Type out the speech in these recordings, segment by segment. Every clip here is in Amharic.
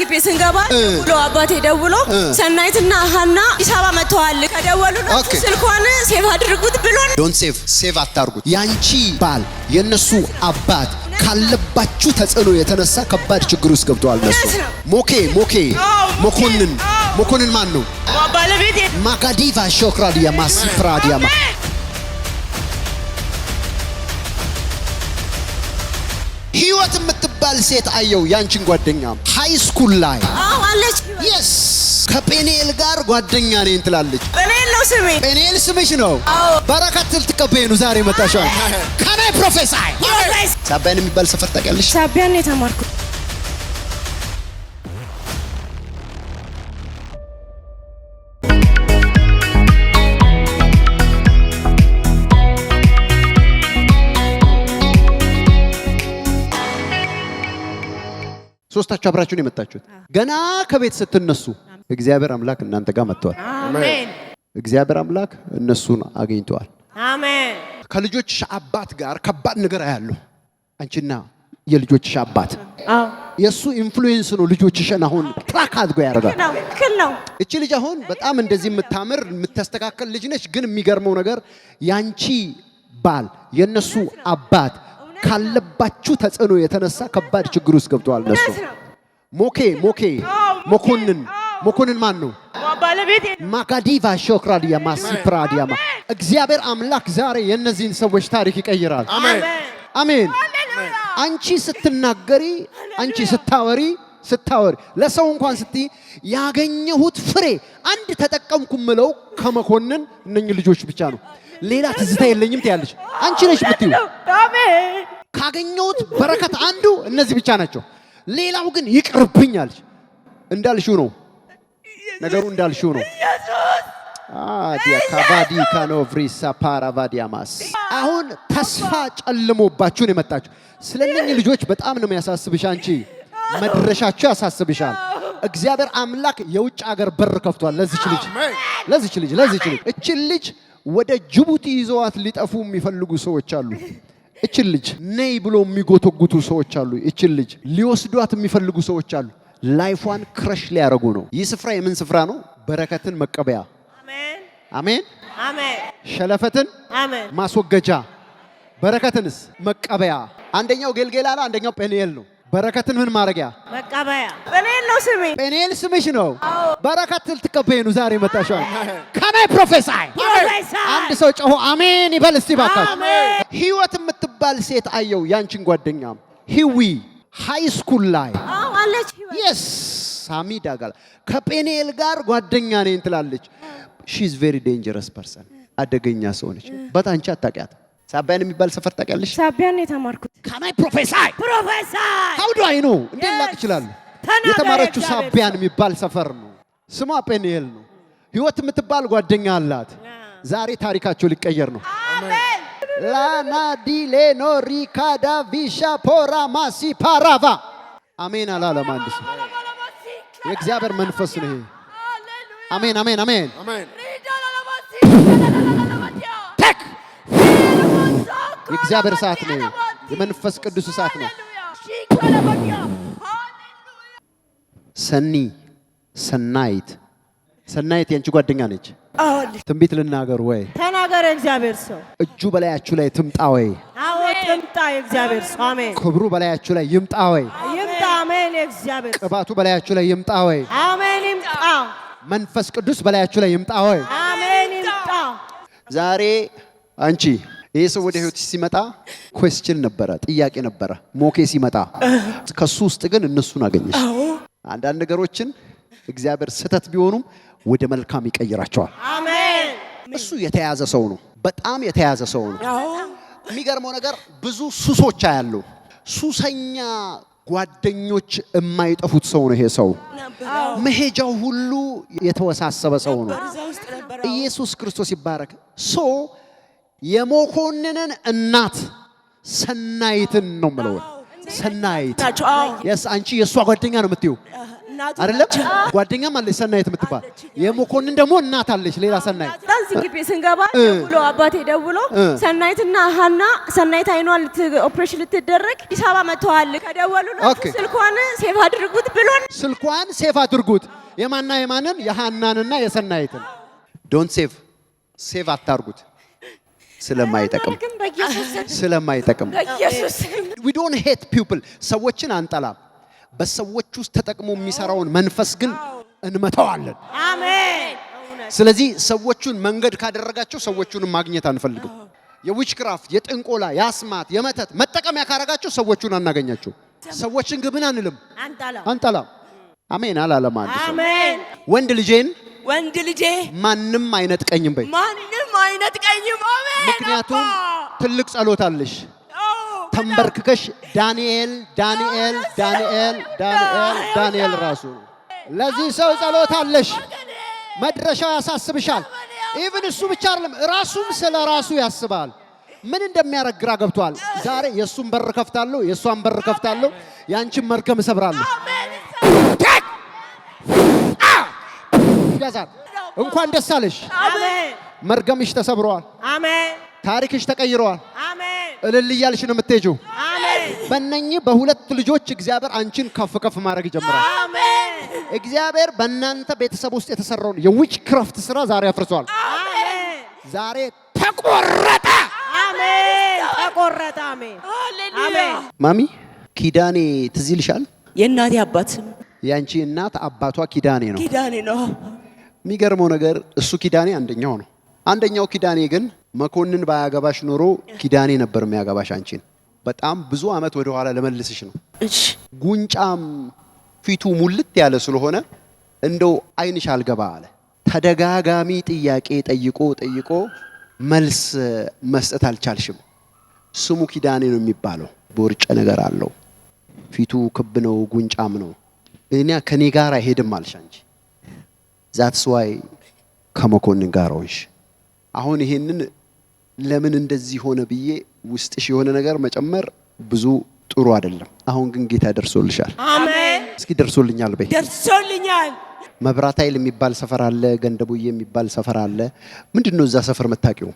ግቢ ስንገባ ደውሎ አባቴ ደውሎ ሰናይትና ሀና አዲስ አበባ መጥተዋል ከደወሉ ስልኳን ሴቭ አድርጉት ብሎን ዶንት ሴቭ ሴቭ አታርጉት። ያንቺ ባል የነሱ አባት ካለባችሁ ተጽዕኖ የተነሳ ከባድ ችግር ውስጥ ገብተዋል። ነሱ ሞኬ ሞኬ መኮንን መኮንን ማን ነው? ባለቤት ማጋዲቫ ሾክራዲያማ ሲፕራዲያማ ህይወት የምትባል ሴት አየው። ያንቺን ጓደኛ ሀይ ስኩል ላይ አለች። የስ ከጴኔል ጋር ጓደኛ ነኝ ትላለች። ጴኔል ነው ስሜ። ጴኔል ስምሽ ነው። በረከት ልትቀበይኑ ዛሬ መጣሻል። ከናይ ፕሮፌሳይ ሳቢያን የሚባል ሰፈር ታውቂያለሽ? ሳቢያን የተማርኩት ሶስታችሁ አብራችሁ ነው የመጣችሁት። ገና ከቤት ስትነሱ እግዚአብሔር አምላክ እናንተ ጋር መጥቷል። አሜን። እግዚአብሔር አምላክ እነሱን አግኝተዋል። አሜን። ከልጆችሽ አባት ጋር ከባድ ነገር አያለሁ። አንቺና የልጆችሽ አባት የእሱ ኢንፍሉዌንስ ነው ልጆችሽን አሁን ትራክ አድጎ ያደርጋል። እቺ ልጅ አሁን በጣም እንደዚህ የምታምር የምታስተካከል ልጅ ነች። ግን የሚገርመው ነገር ያንቺ ባል የእነሱ አባት ካለባችሁ ተጽዕኖ የተነሳ ከባድ ችግር ውስጥ ገብተዋል። ነሱ ሞኬ ሞኬ መኮንን መኮንን ማን ነው? ማካዲቫ ሾክራዲያማ ሲፕራዲያማ እግዚአብሔር አምላክ ዛሬ የእነዚህን ሰዎች ታሪክ ይቀይራል። አሜን። አንቺ ስትናገሪ፣ አንቺ ስታወሪ ስታወሪ ለሰው እንኳን ስትይ ያገኘሁት ፍሬ አንድ ተጠቀምኩ ምለው ከመኮንን እነኝ ልጆች ብቻ ነው። ሌላ ትዝታ የለኝም ትያለች። አንቺ ነሽ ምትዩ። ካገኘሁት በረከት አንዱ እነዚህ ብቻ ናቸው። ሌላው ግን ይቅርብኝ አለች። እንዳልሽው ነው ነገሩ፣ እንዳልሽው ነው። ካቫዲ ካኖቭሪሳ ፓራቫዲያማስ አሁን ተስፋ ጨልሞባችሁ ነው የመጣችሁ። ስለነኝ ልጆች በጣም ነው የሚያሳስብሽ አንቺ መድረሻቸው ያሳስብሻል። እግዚአብሔር አምላክ የውጭ አገር በር ከፍቷል ለዚች ልጅ ለዚች ልጅ ለዚች ልጅ እችን ልጅ ወደ ጅቡቲ ይዘዋት ሊጠፉ የሚፈልጉ ሰዎች አሉ። እችን ልጅ ነይ ብሎ የሚጎተጉቱ ሰዎች አሉ። እችን ልጅ ሊወስዷት የሚፈልጉ ሰዎች አሉ። ላይፏን ክረሽ ሊያደርጉ ነው። ይህ ስፍራ የምን ስፍራ ነው? በረከትን መቀበያ አሜን። ሸለፈትን ማስወገጃ፣ በረከትንስ መቀበያ። አንደኛው ጌልጌላ ነው፣ አንደኛው ጴንኤል ነው። በረከትን ምን ማድረጊያ መቀበያ ጴኔል ነው ስሜ። ጴኔል ስምሽ ነው። በረከት ልትቀበይ ነው ዛሬ መጣሽዋል። ከማይ ፕሮፌሳይ አንድ ሰው ጮሆ አሜን ይበል እስቲ ባካችሁ። ህይወት የምትባል ሴት አየው ያንቺን ጓደኛ ሂዊ ሃይ ስኩል ላይ አለች። የስ ሳሚ ጋር ከጴኔል ጋር ጓደኛ ነኝ ትላለች። ሺ ኢዝ ቬሪ ዴንጀረስ ፐርሰን አደገኛ ሰው ነች። በጣንቻ አታውቂያትም ሳቢያን የሚባል ሰፈር ታውቂያለሽ? ሳቢያን የተማርኩት። ካናይ ፕሮፌሳይ ፕሮፌሳይ ሀው ዱ አይ ኖ እንዴት ላቅ ይችላሉ? የተማረችው ሳቢያን የሚባል ሰፈር ነው። ስሟ ጴንኤል ነው። ህይወት የምትባል ጓደኛ አላት። ዛሬ ታሪካቸው ሊቀየር ነው። ላናዲሌኖ ሪካዳ ቪሻ ፖራ ማሲ ፓራቫ አሜን አላለም አንድ ሰው። የእግዚአብሔር መንፈስ ነው ይሄ። አሜን አሜን አሜን። የእግዚአብሔር እሳት ነው። የመንፈስ ቅዱስ እሳት ነው። ሰኒ ሰናይት ሰናይት የአንቺ ጓደኛ ነች። ትንቢት ልናገር ወይ ተናገር። እግዚአብሔር ሰው እጁ በላያችሁ ላይ ትምጣ ወይ? አዎ ትምጣ። እግዚአብሔር ሰው አሜን። ክብሩ በላያችሁ ላይ ይምጣ ወይ? ይምጣ። አሜን። እግዚአብሔር ቅባቱ በላያችሁ ላይ ይምጣ ወይ? አሜን። ይምጣ። መንፈስ ቅዱስ በላያችሁ ላይ ይምጣ ወይ? አሜን። ይምጣ። ዛሬ አንቺ ይሄ ሰው ወደ ህይወት ሲመጣ ኮስችን ነበረ፣ ጥያቄ ነበረ፣ ሞኬ ሲመጣ ከሱ ውስጥ ግን እነሱን አገኘች። አንዳንድ ነገሮችን እግዚአብሔር ስህተት ቢሆኑም ወደ መልካም ይቀይራቸዋል። እሱ የተያዘ ሰው ነው፣ በጣም የተያዘ ሰው ነው። የሚገርመው ነገር ብዙ ሱሶች አያሉ ሱሰኛ ጓደኞች የማይጠፉት ሰው ነው። ይሄ ሰው መሄጃው ሁሉ የተወሳሰበ ሰው ነው። ኢየሱስ ክርስቶስ ይባረክ። የመኮንንን እናት ሰናይትን ነው ምለው። ሰናይት የስ አንቺ የእሷ ጓደኛ ነው የምትዩ አይደለም? ጓደኛም አለች ሰናይት የምትባል የመኮንን ደግሞ እናት አለች ሌላ ሰናይት። ግቢ ስንገባ ደውሎ አባቴ ደውሎ ሰናይትና ሀና ሰናይት አይኗ ኦፕሬሽን ልትደረግ አዲስ አበባ መጥተዋል ከደወሉ ስልኳን ሴፍ አድርጉት ብሎን ስልኳን ሴፍ አድርጉት። የማና የማንን የሀናንና የሰናይትን ዶንት ሴቭ ሴቭ አታርጉት ስለማይጠቅም ስለማይጠቅም ዊ ዶንት ሄት ፒፕል ሰዎችን አንጠላም። በሰዎች ውስጥ ተጠቅሞ የሚሰራውን መንፈስ ግን እንመታዋለን። ስለዚህ ሰዎቹን መንገድ ካደረጋቸው ሰዎቹንም ማግኘት አንፈልግም። የዊችክራፍት፣ የጥንቆላ፣ የአስማት፣ የመተት መጠቀሚያ ካረጋቸው ሰዎቹን አናገኛቸው። ሰዎችን ግን አንልም፣ አንጠላም። አሜን አላለማ። አንድ ወንድ ልጄን ወንድ ልጄ ማንም አይነጥቀኝም በይ አይነጥቀኝም። ምክንያቱም ትልቅ ጸሎት አለሽ። ተንበርክከሽ ዳንኤል ዳንኤል ዳንኤል ዳንኤል ዳንኤል ራሱ ለዚህ ሰው ጸሎት አለሽ። መድረሻው ያሳስብሻል። ኢቭን እሱ ብቻ አይደለም፣ ራሱም ስለ ራሱ ያስባል። ምን እንደሚያደርግ ግራ ገብቷል። ዛሬ የእሱን በር ከፍታለሁ፣ የእሷን በር ከፍታለሁ፣ ያንቺን መርከም እሰብራለሁ። እንኳን ደስ አለሽ። መርገምሽ ተሰብረዋል። ታሪክሽ ተቀይረዋል። እልል እያልሽ ነው የምትሄጂው። በእነኚህ በሁለት ልጆች እግዚአብሔር አንቺን ከፍ ከፍ ማድረግ ይጀምራል። እግዚአብሔር በእናንተ ቤተሰብ ውስጥ የተሰራውን የዊች ክረፍት ስራ ዛሬ አፍርሷል። ዛሬ ተቆረጠ፣ ተቆረጠ። ማሚ ኪዳኔ ትዝ ይልሻል? የእናቴ አባት የአንቺ እናት አባቷ ኪዳኔ ነው። ኪዳኔ ነው የሚገርመው ነገር እሱ ኪዳኔ አንደኛው ነው። አንደኛው ኪዳኔ ግን መኮንን ባያገባሽ ኖሮ ኪዳኔ ነበር የሚያገባሽ አንቺን። በጣም ብዙ ዓመት ወደኋላ ለመልስሽ ነው። ጉንጫም ፊቱ ሙልት ያለ ስለሆነ እንደው አይንሽ አልገባ አለ። ተደጋጋሚ ጥያቄ ጠይቆ ጠይቆ መልስ መስጠት አልቻልሽም። ስሙ ኪዳኔ ነው የሚባለው። ቦርጭ ነገር አለው። ፊቱ ክብ ነው፣ ጉንጫም ነው። እኛ ከኔ ጋር አይሄድም አልሽ አንቺ ዛትስ ዋይ ከመኮንን ጋር ሆንሽ። አሁን ይሄንን ለምን እንደዚህ ሆነ ብዬ ውስጥሽ የሆነ ነገር መጨመር ብዙ ጥሩ አይደለም። አሁን ግን ጌታ ደርሶልሻል። አሜን። እስኪ ደርሶልኛል በይ። ደርሶልኛል። መብራት ኃይል የሚባል ሰፈር አለ፣ ገንደቡዬ የሚባል ሰፈር አለ። ምንድን ነው እዛ ሰፈር መታቂው?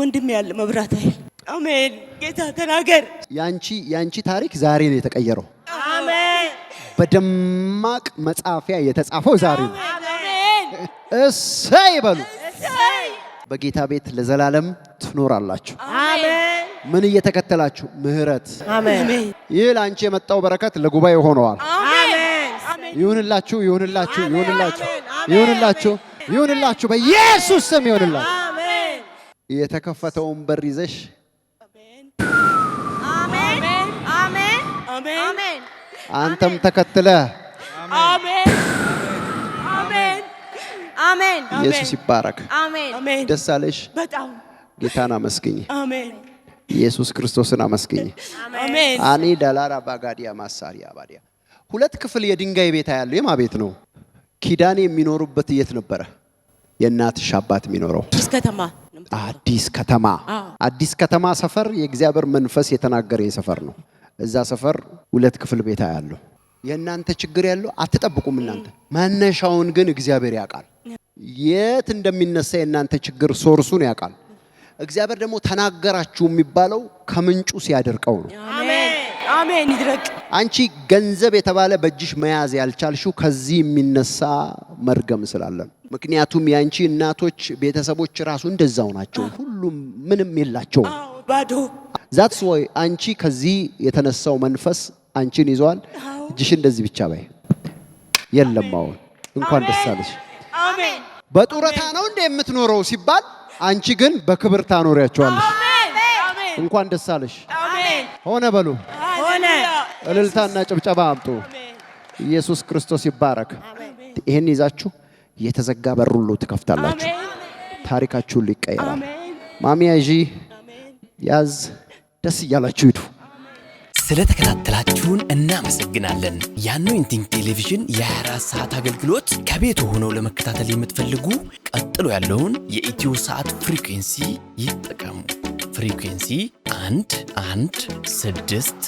ወንድም ያለ መብራት ኃይል። አሜን። ጌታ ተናገር። ያንቺ ያንቺ ታሪክ ዛሬ ነው የተቀየረው። አሜን። በደማቅ መጻፊያ የተጻፈው ዛሬ ነው። እሰይ ይበሉ። በጌታ ቤት ለዘላለም ትኖራላችሁ። ምን እየተከተላችሁ? ምህረት። ይህ ለአንቺ የመጣው በረከት ለጉባኤ ሆነዋል። ይሁንላችሁ፣ ይሁንላችሁ፣ ይሁንላችሁ፣ ይሁንላችሁ፣ ይሁንላችሁ። በኢየሱስ ስም ይሁንላችሁ። የተከፈተውን በር ይዘሽ አንተም ተከትለ አሜን። ኢየሱስ ይባረክ። አሜን። ደስ አለሽ። በጣም ጌታን አመስግኝ። አሜን። ኢየሱስ ክርስቶስን አመስግኝ። አሜን። አኔ ዳላራ ባጋዲያ ማሳሪያ ባዲያ ሁለት ክፍል የድንጋይ ቤት ያለው የማ ቤት ነው? ኪዳኔ የሚኖሩበት የት ነበረ? የእናትሽ አባት የሚኖረው አዲስ ከተማ አዲስ ከተማ አዲስ ከተማ ሰፈር የእግዚአብሔር መንፈስ የተናገረ ሰፈር ነው። እዛ ሰፈር ሁለት ክፍል ቤታ ያለው የእናንተ ችግር ያለው አትጠብቁም። እናንተ መነሻውን ግን እግዚአብሔር ያውቃል። የት እንደሚነሳ የእናንተ ችግር ሶርሱን ያውቃል። እግዚአብሔር ደግሞ ተናገራችሁ የሚባለው ከምንጩ ሲያደርቀው ነው። አሜን። ይድረቅ። አንቺ ገንዘብ የተባለ በእጅሽ መያዝ ያልቻልሽው ከዚህ የሚነሳ መርገም ስላለን። ምክንያቱም የአንቺ እናቶች ቤተሰቦች ራሱ እንደዛው ናቸው። ሁሉም ምንም የላቸውም። ዛትስ ወይ አንቺ ከዚህ የተነሳው መንፈስ አንቺን ይዘዋል። እጅሽ እንደዚህ ብቻ ባይ የለም። አሁን እንኳን ደስ አለሽ። በጡረታ ነው እንደ የምትኖረው ሲባል አንቺ ግን በክብር ታኖሪያቸዋለሽ። እንኳን ደስ አለሽ። ሆነ በሉ። እልልታና ጭብጨባ አምጡ። ኢየሱስ ክርስቶስ ይባረክ። ይህን ይዛችሁ የተዘጋ በር ሁሉ ትከፍታላችሁ። ታሪካችሁ ሁሉ ይቀየራል። ማሚያ ያዝ። ደስ እያላችሁ ሂዱ። ስለተከታተላችሁን እናመሰግናለን። የአኖይንቲንግ ቴሌቪዥን የ24 ሰዓት አገልግሎት ከቤቱ ሆነው ለመከታተል የምትፈልጉ ቀጥሎ ያለውን የኢትዮ ሰዓት ፍሪኩንሲ ይጠቀሙ። ፍሪኩንሲ 11605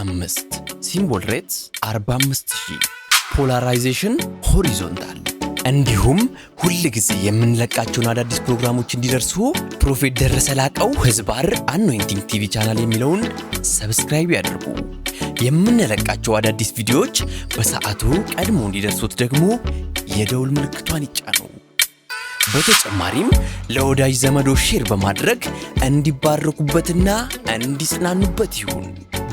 1 6 ሲምቦል ሬትስ 45000 ፖላራይዜሽን ሆሪዞንታል እንዲሁም ሁል ጊዜ የምንለቃቸውን አዳዲስ ፕሮግራሞች እንዲደርሱ ፕሮፌት ደረሰ ላቀው ህዝባር አኖይንቲንግ ቲቪ ቻናል የሚለውን ሰብስክራይብ ያድርጉ። የምንለቃቸው አዳዲስ ቪዲዮዎች በሰዓቱ ቀድሞ እንዲደርሱት ደግሞ የደውል ምልክቷን ይጫኑ። በተጨማሪም ለወዳጅ ዘመዶ ሼር በማድረግ እንዲባረኩበትና እንዲጽናኑበት ይሁን።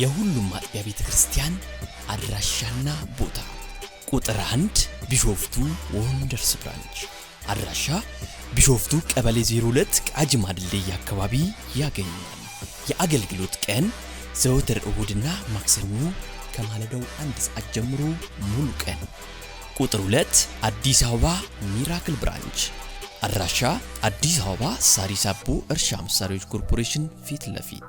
የሁሉም ማጥቢያ ቤተ ክርስቲያን አድራሻና ቦታ ቁጥር አንድ ቢሾፍቱ ወንደርስ ብራንች አድራሻ ቢሾፍቱ ቀበሌ 02 ቃጅ ድልድይ አካባቢ ያገኛል። የአገልግሎት ቀን ዘወትር እሁድና ማክሰኞ ከማለዳው አንድ ሰዓት ጀምሮ ሙሉ ቀን። ቁጥር 2 አዲስ አበባ ሚራክል ብራንች አድራሻ አዲስ አበባ ሳሪስ አቦ እርሻ መሳሪያዎች ኮርፖሬሽን ፊት ለፊት